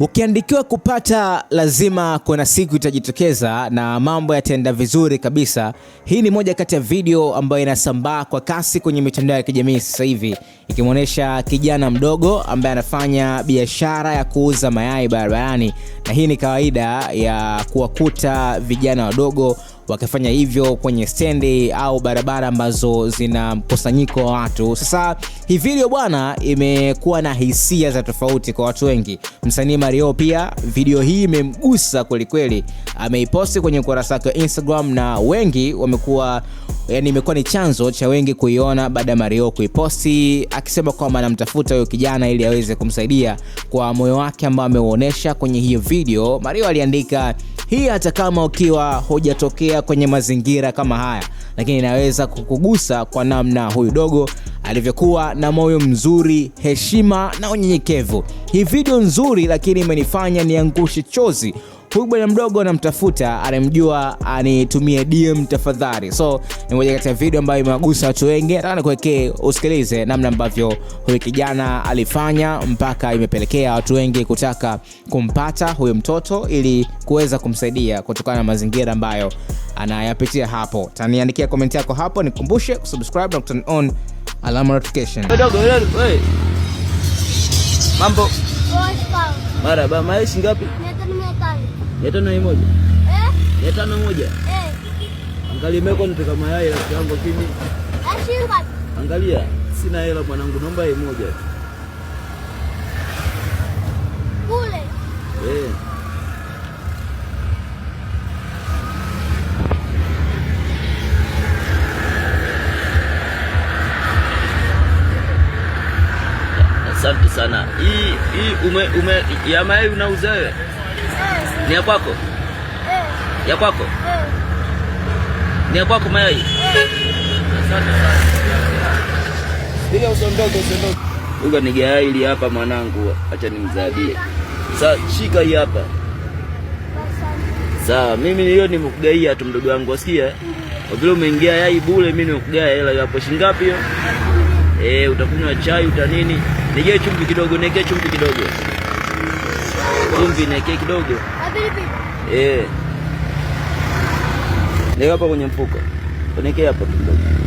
Ukiandikiwa kupata lazima kuna siku itajitokeza na mambo yataenda vizuri kabisa. Hii ni moja kati ya video ambayo inasambaa kwa kasi kwenye mitandao ya kijamii sasa hivi ikimwonyesha kijana mdogo ambaye anafanya biashara ya kuuza mayai barabarani, na hii ni kawaida ya kuwakuta vijana wadogo wakifanya hivyo kwenye stendi au barabara ambazo zina mkusanyiko wa watu. Sasa hii video bwana, imekuwa na hisia za tofauti kwa watu wengi. Msanii Mario pia video hii imemgusa kwelikweli, ameiposti kwenye ukurasa wake wa Instagram na wengi wamekuwa yani imekuwa ni chanzo cha wengi kuiona baada ya Mario kuiposti akisema kwamba anamtafuta huyo kijana ili aweze kumsaidia kwa moyo wake ambao ameuonesha kwenye hiyo video. Mario aliandika hii, hata kama ukiwa hujatokea kwenye mazingira kama haya, lakini inaweza kukugusa kwa namna huyu dogo alivyokuwa na moyo mzuri, heshima na unyenyekevu. Hii video nzuri, lakini imenifanya niangushe chozi huyu na mdogo anamtafuta, anamjua, anitumie DM tafadhali. So ni moja kati ya video ambayo imewagusa watu wengi. Nataka nikuwekee usikilize namna ambavyo huyu kijana alifanya mpaka imepelekea watu wengi kutaka kumpata huyu mtoto ili kuweza kumsaidia kutokana na mazingira ambayo anayapitia hapo. Taniandikia komenti yako hapo, nikumbushe kusubscribe na turn on alarm notification. Mambo. Maraba, maishi ngapi? Mia tano na moja. Eh? tano moja. Eh. Angalia meko nipika mayai rafiki yangu kimi. Ah, Angalia, sina hela mwanangu, naomba elfu moja. Kule. Eh. Asante sana. Hii hii ume, ume ya mayai unauza wewe? Ni ya kwako? Eh. Ya kwako? Eh. Ni ya kwako mayai? Eh. Asante usondoke, usondoke. Uga ni gaili hapa mwanangu, acha nimzabie. Sasa shika hii hapa. Sawa, mimi hiyo nimekugaia tu mdogo wangu, wasikia? Kwa vile umeingia yai bure, mimi nimekugaia hela hapo shilingi ngapi hiyo? Eh, utakunywa chai uta nini? Nije chumvi kidogo, niwekee chumvi kidogo. Chumvi nikee kidogo. Eh. Leo hapa kwenye mfuko. Tonekea hapo kidogo.